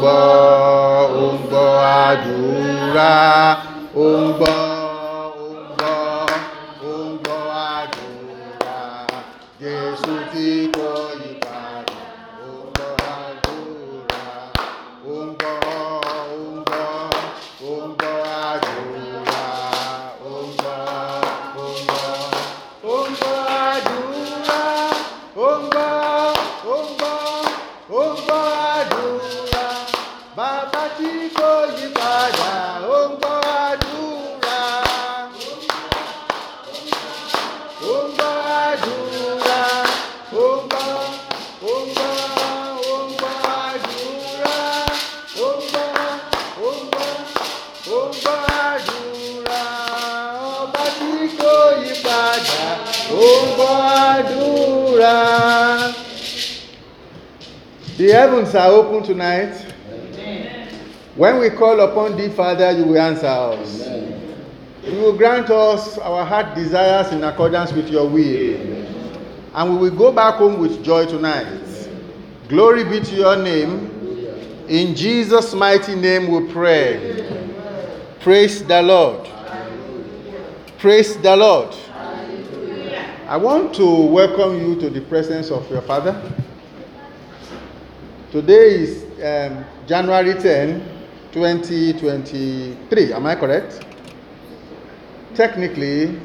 bo um bo adura um bo um bo um bo adura Jesus te põe para um bo adura um bo um bo um bo adura um bo um um bo adura um bo um bo um The heavens are open tonight. When we call upon thee, Father, you will answer us. Amen. You will grant us our heart desires in accordance with your will. Amen. And we will go back home with joy tonight. Amen. Glory be to your name. In Jesus' mighty name we pray. Praise the Lord. Praise the Lord. I want to welcome you to the presence of your Father. Today is um, January 10, 2023. Am I correct? Technically,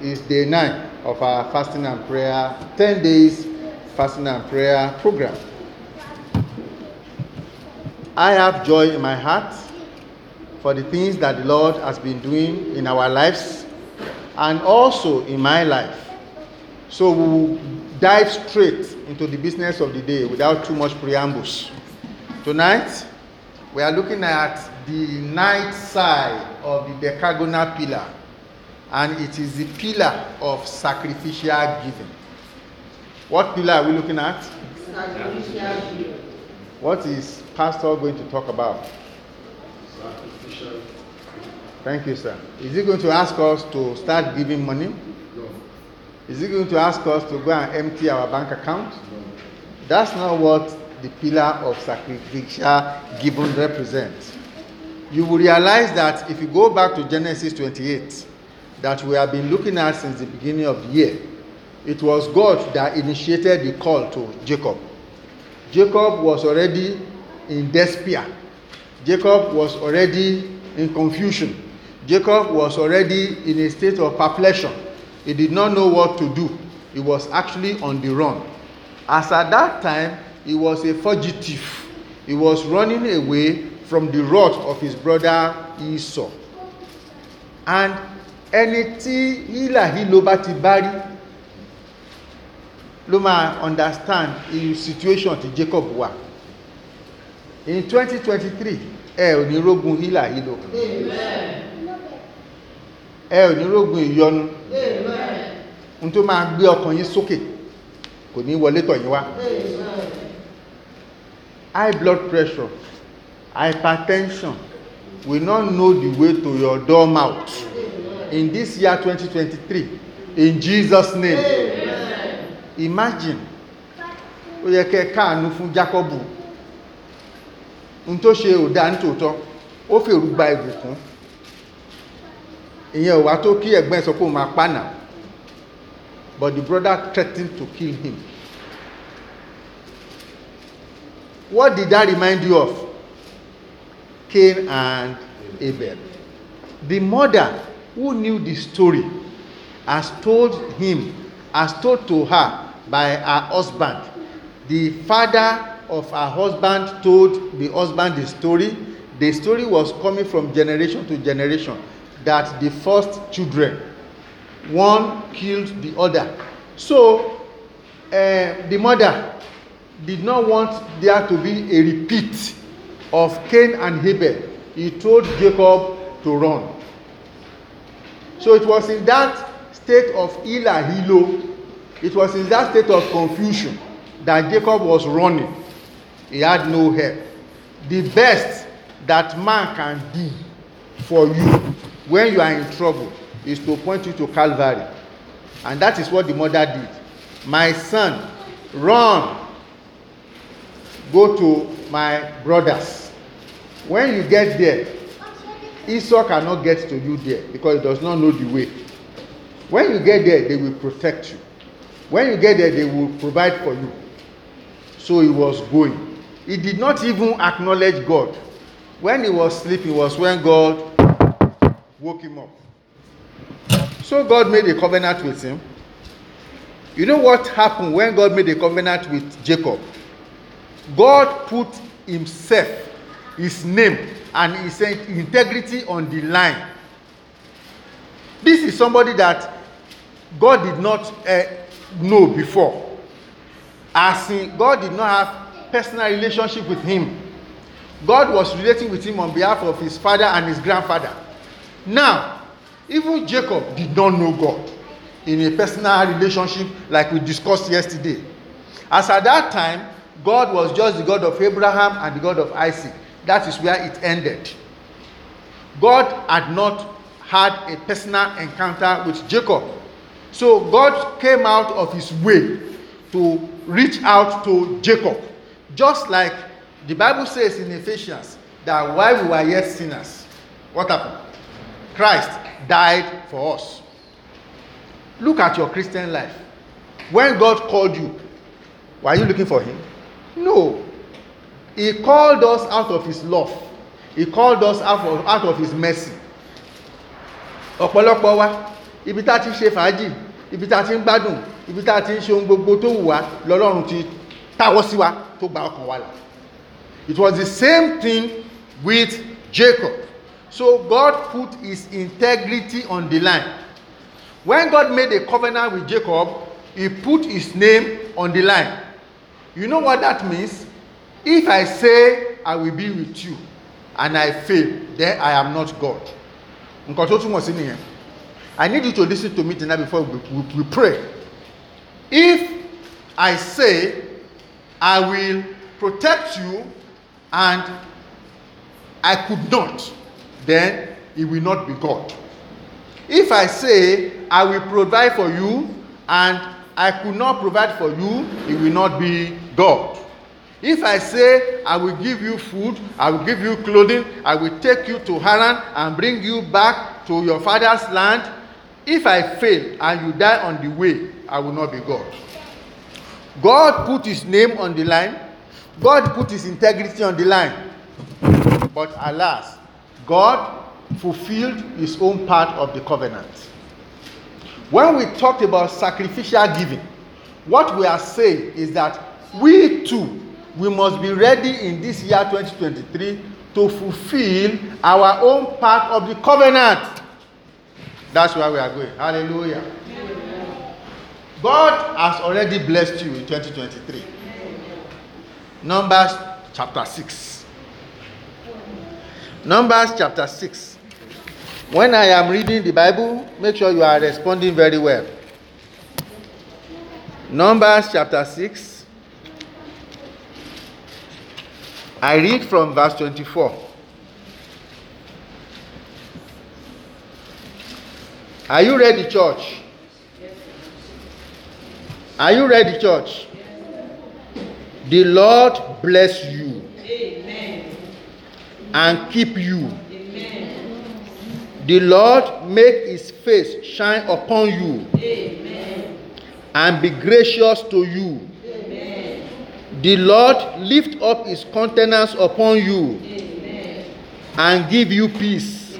is day nine of our fasting and prayer, 10 days fasting and prayer program. I have joy in my heart for the things that the Lord has been doing in our lives and also in my life. So we will dive straight into the business of the day without too much preambles. Tonight, we are looking at the night side of the decagonal pillar and it is the pillar of sacrificial giving what pillar are we looking at sacrificial giving what is pastor going to talk about sacrificial thank you sir is he going to ask us to start giving money no is he going to ask us to go and empty our bank account no that's not what the pillar of sacrificial given represents. You will realize that if you go back to Genesis 28, that we have been looking at since the beginning of the year, it was God that initiated the call to Jacob. Jacob was already in despair. Jacob was already in confusion. Jacob was already in a state of perplexion. He did not know what to do. He was actually on the run. As at that time, He was a fugitive. He was running away from the wrath of his brother Esau. And ẹni tí hílàhílo bá ti bá rí ló máa understand the situation tí Jacob wa. In 2023, ẹ ò ní rógun hílàhílo. Ẹ ò ní rógun ìyọnu. N tó máa gbé ọkàn yín sókè kò ní wọlé tọ̀ wá. Amen high blood pressure hypertension We not know the way to your door mouth in this year 2023 in jesus name Amen. imagine ó yẹ kẹ káàánú fún jacobu n tó ṣe ò nítòótọ́ ó fèrú gba ìbùkún ìyẹn ò wá tó kí ẹ̀gbọ́n ẹ̀ sọ pé òun máa pa náà but the brother threatened to kill him What did that remind you of? Cain and Abel. The mother who knew the story has told him, Has told to her by her husband. The father of her husband told the husband the story. The story was coming from generation to generation that the first children, one killed the other. So uh, the mother did not want there to be a repeat of Cain and Abel. He told Jacob to run. So it was in that state of ilahilo, it was in that state of confusion that Jacob was running. He had no help. The best that man can do for you when you are in trouble is to point you to Calvary. And that is what the mother did. My son, run go to my brothers. When you get there, Esau cannot get to you there because he does not know the way. When you get there, they will protect you. When you get there, they will provide for you. So he was going. He did not even acknowledge God. When he was sleeping, was when God woke him up. So God made a covenant with him. You know what happened when God made a covenant with Jacob? God put himself, his name, and his integrity on the line. This is somebody that God did not uh, know before. As in, God did not have personal relationship with him. God was relating with him on behalf of his father and his grandfather. Now, even Jacob did not know God in a personal relationship like we discussed yesterday. As at that time, God was just the God of Abraham and the God of Isaac. That is where it ended. God had not had a personal encounter with Jacob. So God came out of his way to reach out to Jacob. Just like the Bible says in Ephesians that while we were yet sinners, what happened? Christ died for us. Look at your Christian life. When God called you, were you looking for Him? No. He called us out of his love. He called us out of, out of his mercy. Ọ̀pọ̀lọpọ̀ wa, ibi tá a ti ṣe fàájì, ibi tá a ti ń gbádùn, ibi tá a ti ń ṣe ohun gbogbo tó wù wá lọ́lọ́run ti táwọ́ sí wa tó gba ọkàn wa là. It was the same thing with Jacob. So God put his integrity on the line. When God made a covenant with Jacob, he put his name on the line. You know what that means? If I say I will be with you and I fail, then I am not God. Nǹkan tó túmọ̀ sí nìyẹn. I need you to listen to me tonight before we, we, we pray. If I say I will protect you and I could not, then it will not be God. If I say I will provide for you and I could not provide for you, it will not be God. If I say, I will give you food, I will give you clothing, I will take you to Haran and bring you back to your father's land, if I fail and you die on the way, I will not be God. God put his name on the line, God put his integrity on the line. But alas, God fulfilled his own part of the covenant. When we talked about sacrificial giving, what we are saying is that we too, we must be ready in this year 2023 to fulfill our own part of the covenant. That's where we are going. Hallelujah. God has already blessed you in 2023. Numbers chapter 6. Numbers chapter 6. When I am reading the Bible, make sure you are responding very well. Numbers chapter 6. I read from verse 24. Are you ready, church? Are you ready, church? The Lord bless you Amen. and keep you. The Lord make his face shine upon you Amen. and be gracious to you. Amen. The Lord lift up his countenance upon you Amen. and give you peace.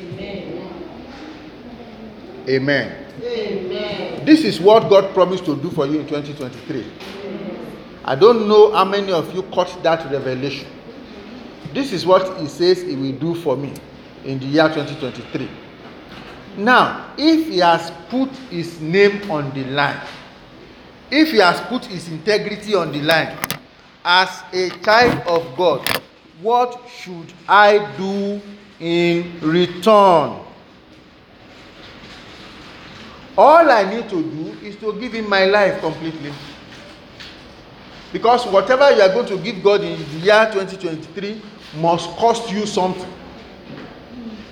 Amen. This is what God promised to do for you in 2023. I don't know how many of you caught that revelation. This is what he says he will do for me in the year 2023. Now, if he has put his name on the line, if he has put his integrity on the line, as a child of God, what should I do in return? All I need to do is to give him my life completely. Because whatever you are going to give God in the year 2023 must cost you something.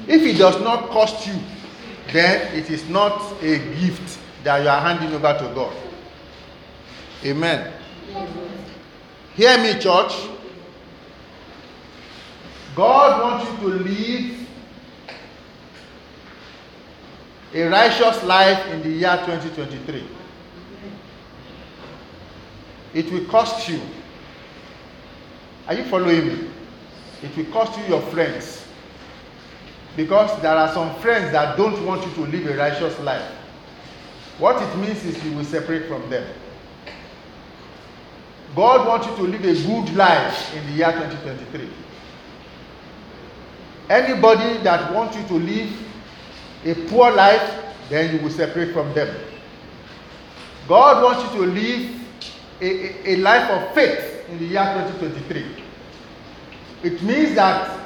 If it does not cost you, then it is not a gift that you are handing over to God. Amen. Hear me, church. God wants you to live a righteous life in the year 2023. It will cost you. Are you following me? It will cost you your friends. Because there are some friends that don't want you to live a righteous life. What it means is you will separate from them. God wants you to live a good life in the year 2023. Anybody that wants you to live a poor life, then you will separate from them. God wants you to live a, a, a life of faith in the year 2023. It means that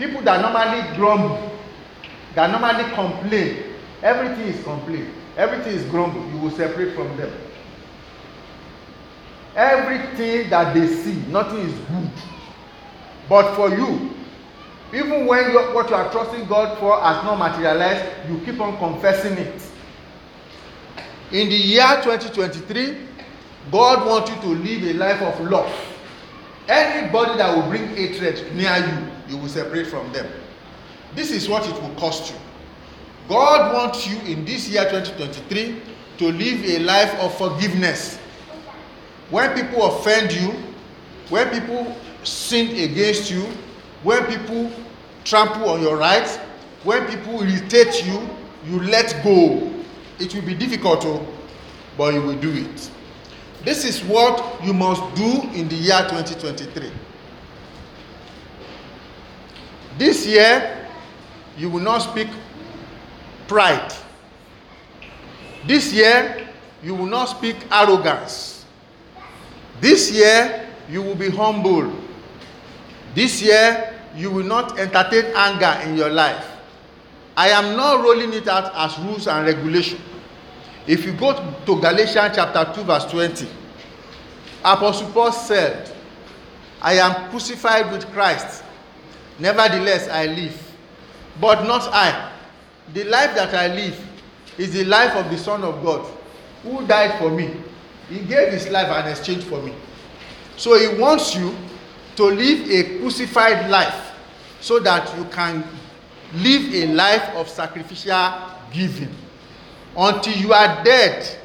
people that normally grumble that normally complain everything is complain everything is grumble you will separate from them everything that they see nothing is good but for you even when what you are trusting god for has not materialized you keep on confessing it in the year 2023 god wants you to live a life of love anybody that will bring hatred near you you will separate from them. This is what it will cost you. God wants you in this year 2023 to live a life of forgiveness. When people offend you, when people sin against you, when people trample on your rights, when people irritate you, you let go. It will be difficult, oh, but you will do it. This is what you must do in the year 2023. This year, you will not speak pride. This year, you will not speak arrogance. This year, you will be humble. This year, you will not entertain anger in your life. I am not rolling it out as rules and regulation. If you go to Galatians chapter two, verse twenty, Apostle Paul said, I am crucified with Christ. Nevertheless, I live. But not I. The life that I live is the life of the Son of God who died for me. He gave his life in exchange for me. So he wants you to live a crucified life so that you can live a life of sacrificial giving until you are dead,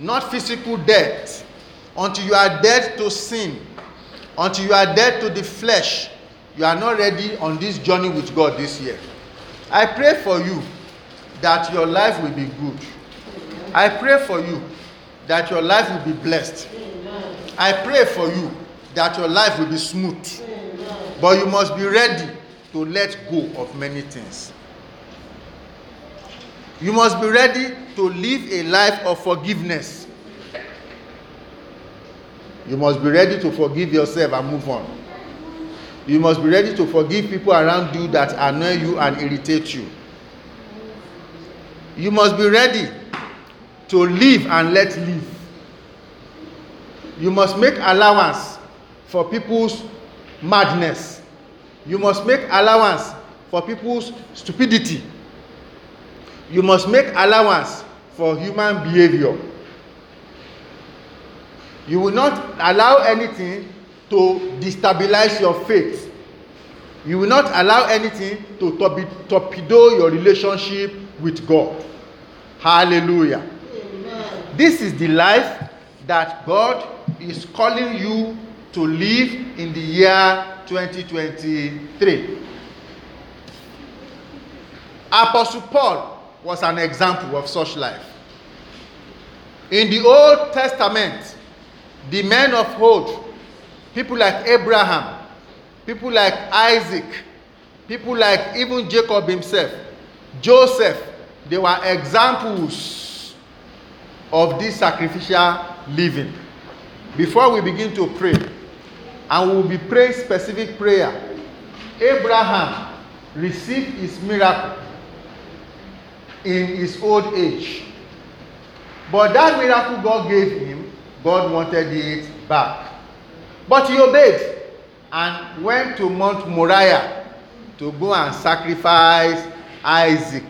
not physical death, until you are dead to sin, until you are dead to the flesh you are not ready on this journey with God this year. I pray for you that your life will be good. I pray for you that your life will be blessed. I pray for you that your life will be smooth. But you must be ready to let go of many things. You must be ready to live a life of forgiveness. You must be ready to forgive yourself and move on. You must be ready to forgive people around you that annoy you and irritate you. You must be ready to live and let live. You must make allowance for people's madness. You must make allowance for people's stupidity. You must make allowance for human behavior. You will not allow anything to destabilize your faith you will not allow anything to torpedo your relationship with god hallelujah Amen. this is the life that god is calling you to live in the year 2023 apostle paul was an example of such life in the old testament the men of old people like Abraham, people like Isaac, people like even Jacob himself, Joseph, they were examples of this sacrificial living. Before we begin to pray, and we'll be praying specific prayer, Abraham received his miracle in his old age. But that miracle God gave him, God wanted it back. But he obeyed and went to Mount Moriah to go and sacrifice Isaac.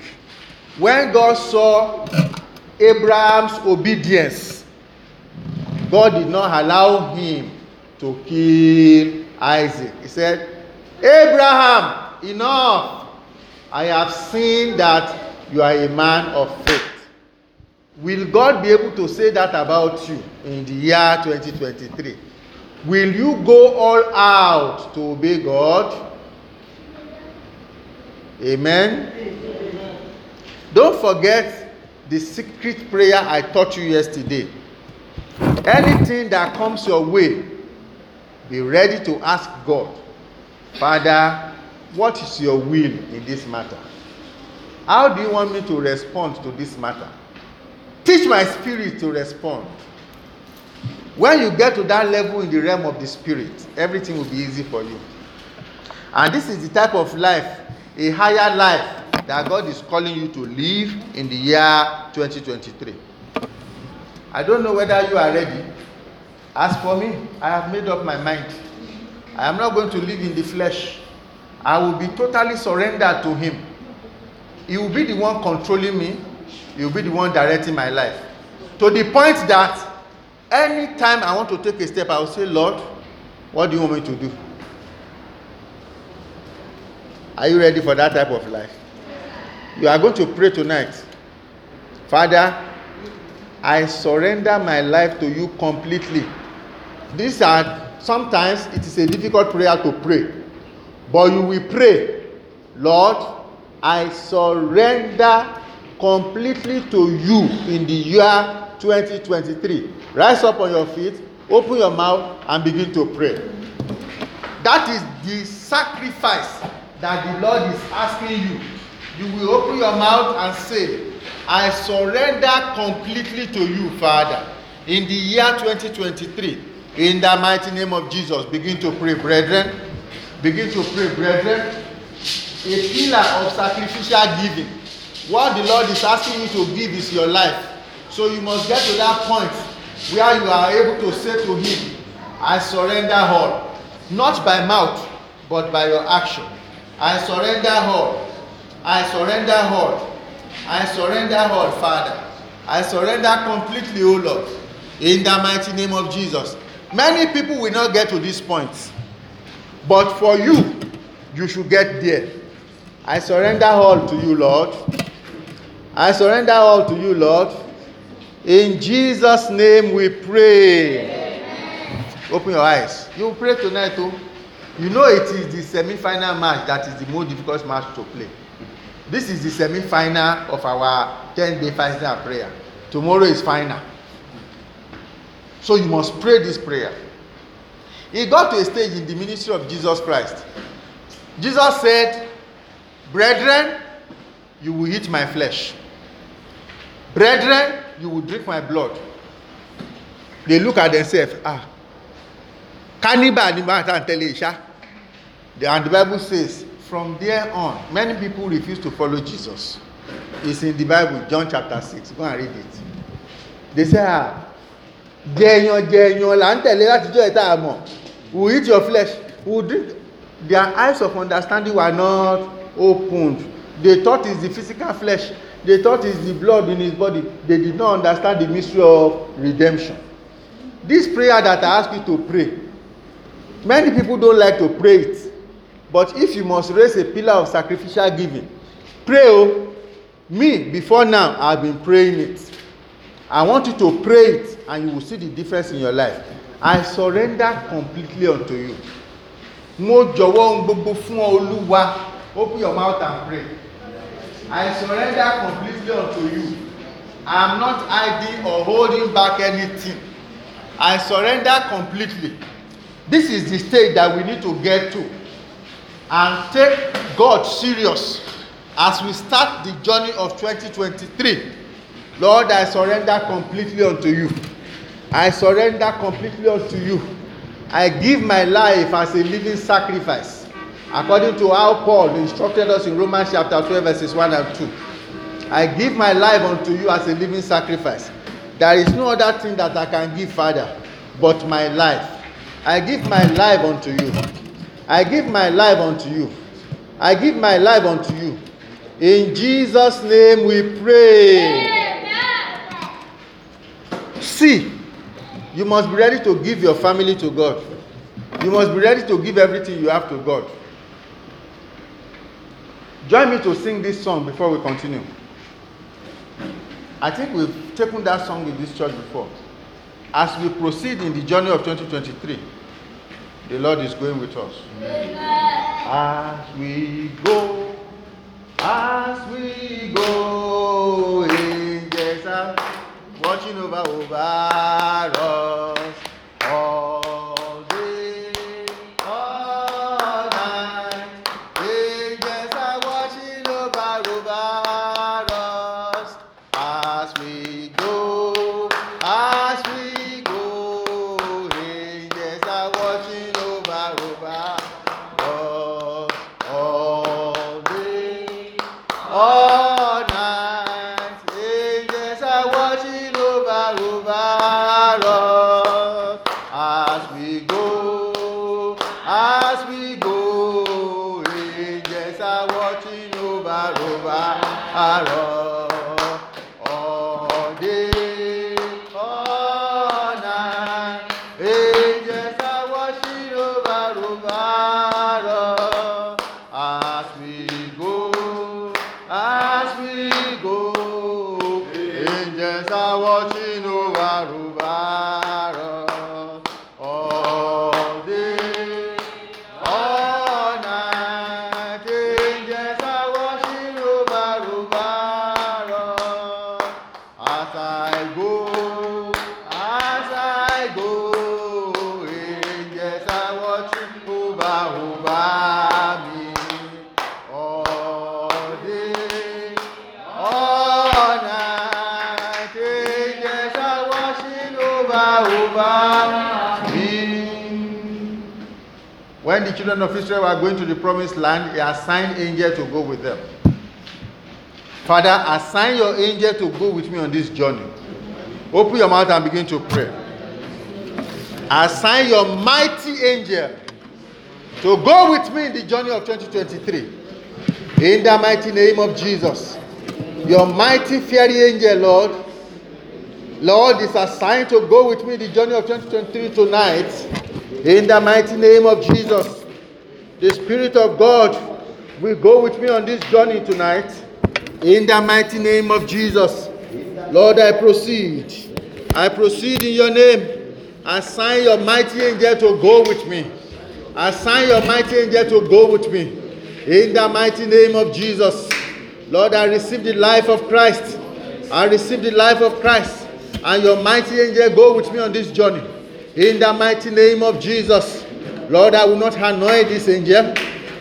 When God saw Abraham's obedience, God did not allow him to kill Isaac. He said, Abraham, enough. I have seen that you are a man of faith. Will God be able to say that about you in the year 2023? Will you go all out to obey God? Amen. Amen. Don't forget the secret prayer I taught you yesterday. Anything that comes your way, be ready to ask God, Father, what is your will in this matter? How do you want me to respond to this matter? Teach my spirit to respond. When you get to that level in the realm of the spirit, everything will be easy for you. And this is the type of life, a higher life, that God is calling you to live in the year 2023. I don't know whether you are ready. As for me, I have made up my mind. I am not going to live in the flesh. I will be totally surrendered to Him. He will be the one controlling me, He will be the one directing my life. To the point that anytime I want to take a step, I will say, Lord, what do you want me to do? Are you ready for that type of life? You are going to pray tonight. Father, I surrender my life to you completely. These are sometimes it is a difficult prayer to pray, but you will pray, Lord, I surrender completely to you in the year 2023. Rise up on your feet, open your mouth, and begin to pray. That is the sacrifice that the Lord is asking you. You will open your mouth and say, I surrender completely to you, Father. In the year 2023, in the mighty name of Jesus, begin to pray, brethren. Begin to pray, brethren. A pillar of sacrificial giving. What the Lord is asking you to give is your life. So you must get to that point where you are able to say to him, I surrender all. Not by mouth, but by your action. I surrender all. I surrender all. I surrender all, Father. I surrender completely, O Lord, in the mighty name of Jesus. Many people will not get to this point, but for you, you should get there. I surrender all to you, Lord. I surrender all to you, Lord. In Jesus' name we pray. Amen. Open your eyes. You pray tonight, too. Oh. You know it is the semi-final match that is the most difficult match to play. This is the semi-final of our 10-day fasting prayer. Tomorrow is final. So you must pray this prayer. He got to a stage in the ministry of Jesus Christ. Jesus said, Brethren, you will eat my flesh. Brethren, you will drink my blood they look at themselves ah cannibal ni maa tan you, sha. and the bible says from there on many people refuse to follow jesus it's in the bible john chapter six go and read it they say ah jẹyan jẹyan là ń tẹ̀lé látijọ́ ẹ̀ tá a we will eat your flesh we will drink their eyes of understanding were not opened they thought it's the physical flesh They thought it's the blood in his body. They did not understand the mystery of redemption. This prayer that I ask you to pray, many people don't like to pray it. But if you must raise a pillar of sacrificial giving, pray. Oh, me, before now, I've been praying it. I want you to pray it and you will see the difference in your life. I surrender completely unto you. Mo jọ̀wọ́ ohun gbogbo fún ọ Open your mouth and pray. I surrender completely unto you. I am not hiding or holding back anything. I surrender completely. This is the stage that we need to get to and take God serious as we start the journey of 2023. Lord, I surrender completely unto you. I surrender completely unto you. I give my life as a living sacrifice according to how Paul instructed us in Romans chapter 12, verses 1 and 2. I give my life unto you as a living sacrifice. There is no other thing that I can give, Father, but my life. I give my life unto you. I give my life unto you. I give my life unto you. In Jesus' name we pray. See, you must be ready to give your family to God. You must be ready to give everything you have to God. Join me to sing this song before we continue. I think we've taken that song in this church before. As we proceed in the journey of 2023, the Lord is going with us. As we go, as we go, eh, in are watching over over us. children of Israel were going to the promised land, he assigned angel to go with them. Father, assign your angel to go with me on this journey. Open your mouth and begin to pray. Assign your mighty angel to go with me in the journey of 2023. In the mighty name of Jesus. Your mighty fairy angel, Lord. Lord is assigned to go with me the journey of 2023 tonight. In the mighty name of Jesus. The Spirit of God will go with me on this journey tonight. In the mighty name of Jesus. Lord, I proceed. I proceed in your name. Assign your mighty angel to go with me. Assign your mighty angel to go with me. In the mighty name of Jesus. Lord, I receive the life of Christ. I receive the life of Christ. And your mighty angel go with me on this journey. In the mighty name of Jesus. Lord, I will not annoy this angel.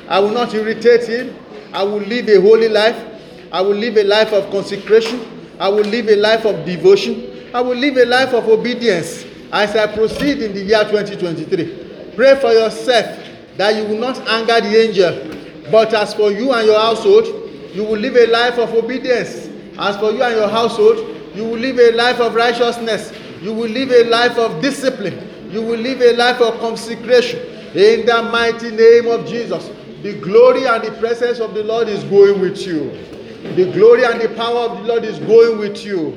I will not irritate him. I will live a holy life. I will live a life of consecration. I will live a life of devotion. I will live a life of obedience as I proceed in the year 2023. Pray for yourself that you will not anger the angel. But as for you and your household, you will live a life of obedience. As for you and your household, you will live a life of righteousness. You will live a life of discipline. You will live a life of consecration in the mighty name of Jesus, the glory and the presence of the Lord is going with you. The glory and the power of the Lord is going with you.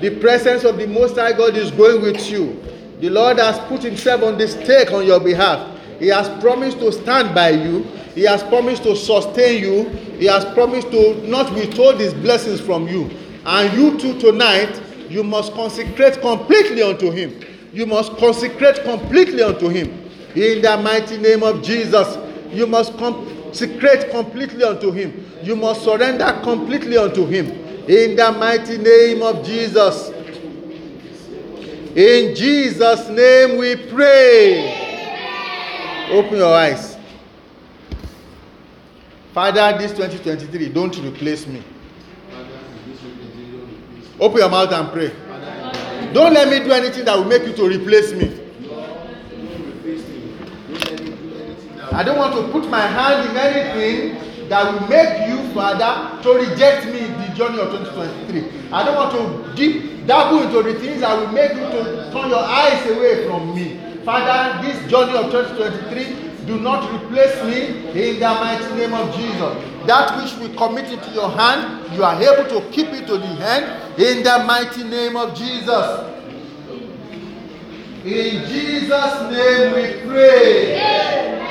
The presence of the Most High God is going with you. The Lord has put Himself on the stake on your behalf. He has promised to stand by you. He has promised to sustain you. He has promised to not withhold His blessings from you. And you too, tonight, you must consecrate completely unto Him. You must consecrate completely unto Him. In the mighty name of Jesus, you must consecrate completely unto Him. You must surrender completely unto Him. In the mighty name of Jesus. In Jesus' name we pray. Open your eyes. Father, this 2023, don't replace me. Open your mouth and pray. Don't let me do anything that will make you to replace me. I don't want to put my hand in anything that will make you, Father, to reject me in the journey of 2023. I don't want to deep dabble into the things that will make you to turn your eyes away from me. Father, this journey of 2023, do not replace me in the mighty name of Jesus. That which we commit into your hand, you are able to keep it to the end in the mighty name of Jesus. In Jesus' name we pray.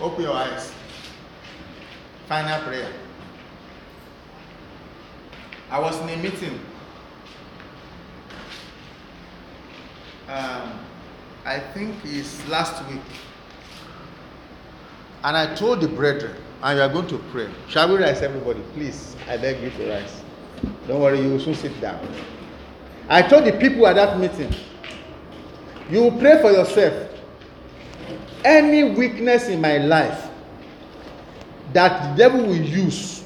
Open your eyes. Final prayer. I was in a meeting. Um, I think it's last week. And I told the brethren, and you are going to pray. Shall we rise, everybody? Please, I beg you to rise. Don't worry, you will soon sit down. I told the people at that meeting, you pray for yourself any weakness in my life that the devil will use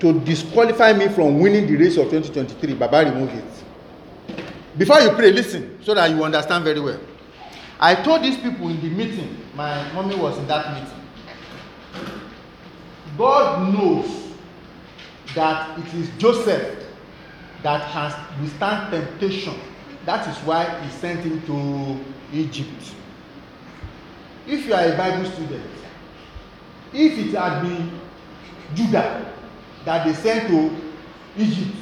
to disqualify me from winning the race of 2023 baba remove it before you pray listen so that you understand very well i told these people in the meeting my mommy was in that meeting god knows that it is joseph that has withstand temptation that is why he sent him to egypt if you are a Bible student, if it had been Judah that they sent to Egypt,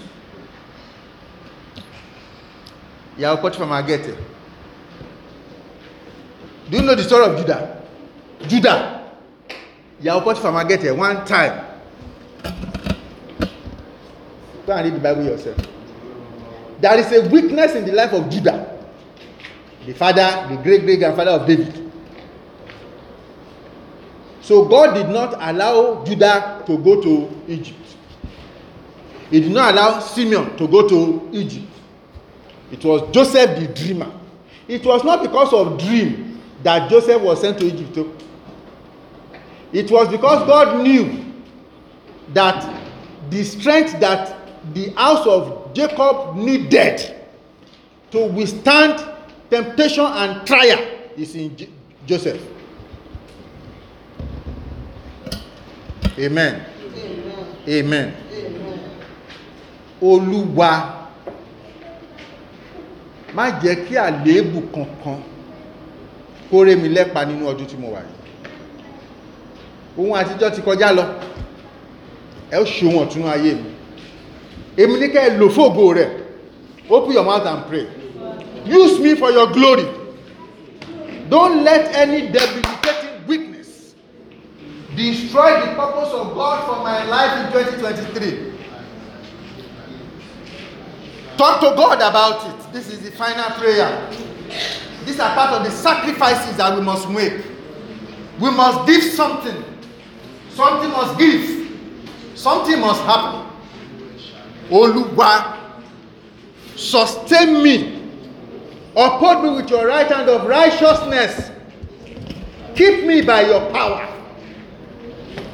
yeah, I'll quote from Agete. Do you know the story of Judah? Judah, yeah, I'll quote from Agete one time. Go and read the Bible yourself. There is a weakness in the life of Judah, the father, the great great grandfather of David So God did not allow Judah to go to Egypt. He did not allow Simeon to go to Egypt. It was Joseph the dreamer. It was not because of dream that Joseph was sent to Egypt. It was because God knew that the strength that the house of Jacob needed to withstand temptation and trial is in J Joseph. amen amen olúwa má jẹ́ kí àléébù kankan kó ré mi lẹ́pa nínú ọdún tí mo wà yìí ohun àtijọ́ ti kọjá lọ ẹ ó ṣe ohun ọ̀tún ayé mi èmi ní kẹ́ ẹ lò fóògò rẹ̀ open your mouth and pray use me for your glory don't let any devil destroy the purpose of God for my life in 2023. Talk to God about it. This is the final prayer. These are part of the sacrifices that we must make. We must give something. Something must give. Something must happen. Oluwa, sustain me. Uphold me with your right hand of righteousness. Keep me by your power.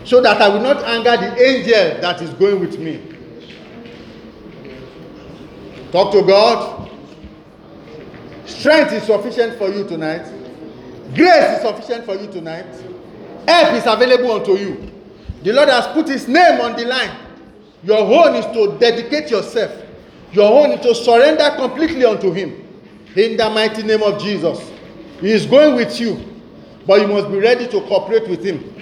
so that I will not anger the angel that is going with me. Talk to God. Strength is sufficient for you tonight. Grace is sufficient for you tonight. Help is available unto you. The Lord has put His name on the line. Your own is to dedicate yourself, your own is to surrender completely unto Him. In the mighty name of Jesus. He is going with you, but you must be ready to cooperate with Him.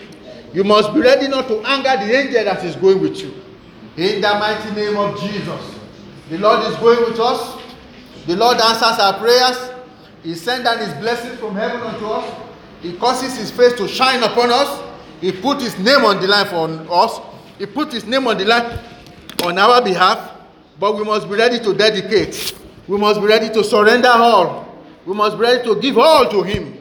You must be ready not to anger the angel that is going with you. In the mighty name of Jesus. The Lord is going with us. The Lord answers our prayers. He sends down His blessings from heaven unto us. He causes His face to shine upon us. He put His name on the line for us. He put His name on the line on our behalf. But we must be ready to dedicate. We must be ready to surrender all. We must be ready to give all to Him.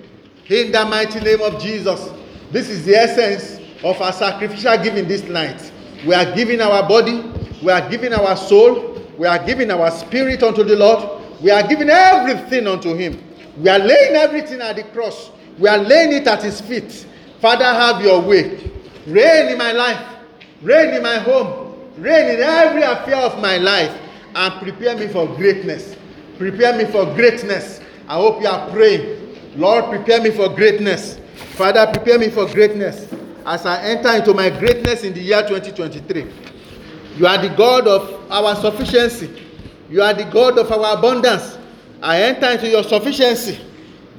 In the mighty name of Jesus. This is the essence of our sacrificial giving this night. We are giving our body, we are giving our soul, we are giving our spirit unto the Lord, we are giving everything unto Him. We are laying everything at the cross, we are laying it at His feet. Father, have your way. Reign in my life, reign in my home, reign in every affair of my life, and prepare me for greatness. Prepare me for greatness. I hope you are praying. Lord, prepare me for greatness. Father, prepare me for greatness as I enter into my greatness in the year 2023. You are the God of our sufficiency. You are the God of our abundance. I enter into your sufficiency.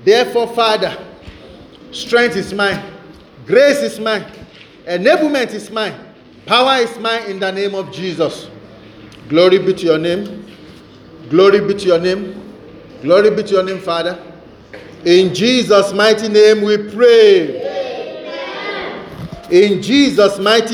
Therefore, Father, strength is mine, grace is mine, enablement is mine, power is mine in the name of Jesus. Glory be to your name. Glory be to your name. Glory be to your name, Father. In Jesus' mighty name we pray. In Jesus' mighty name.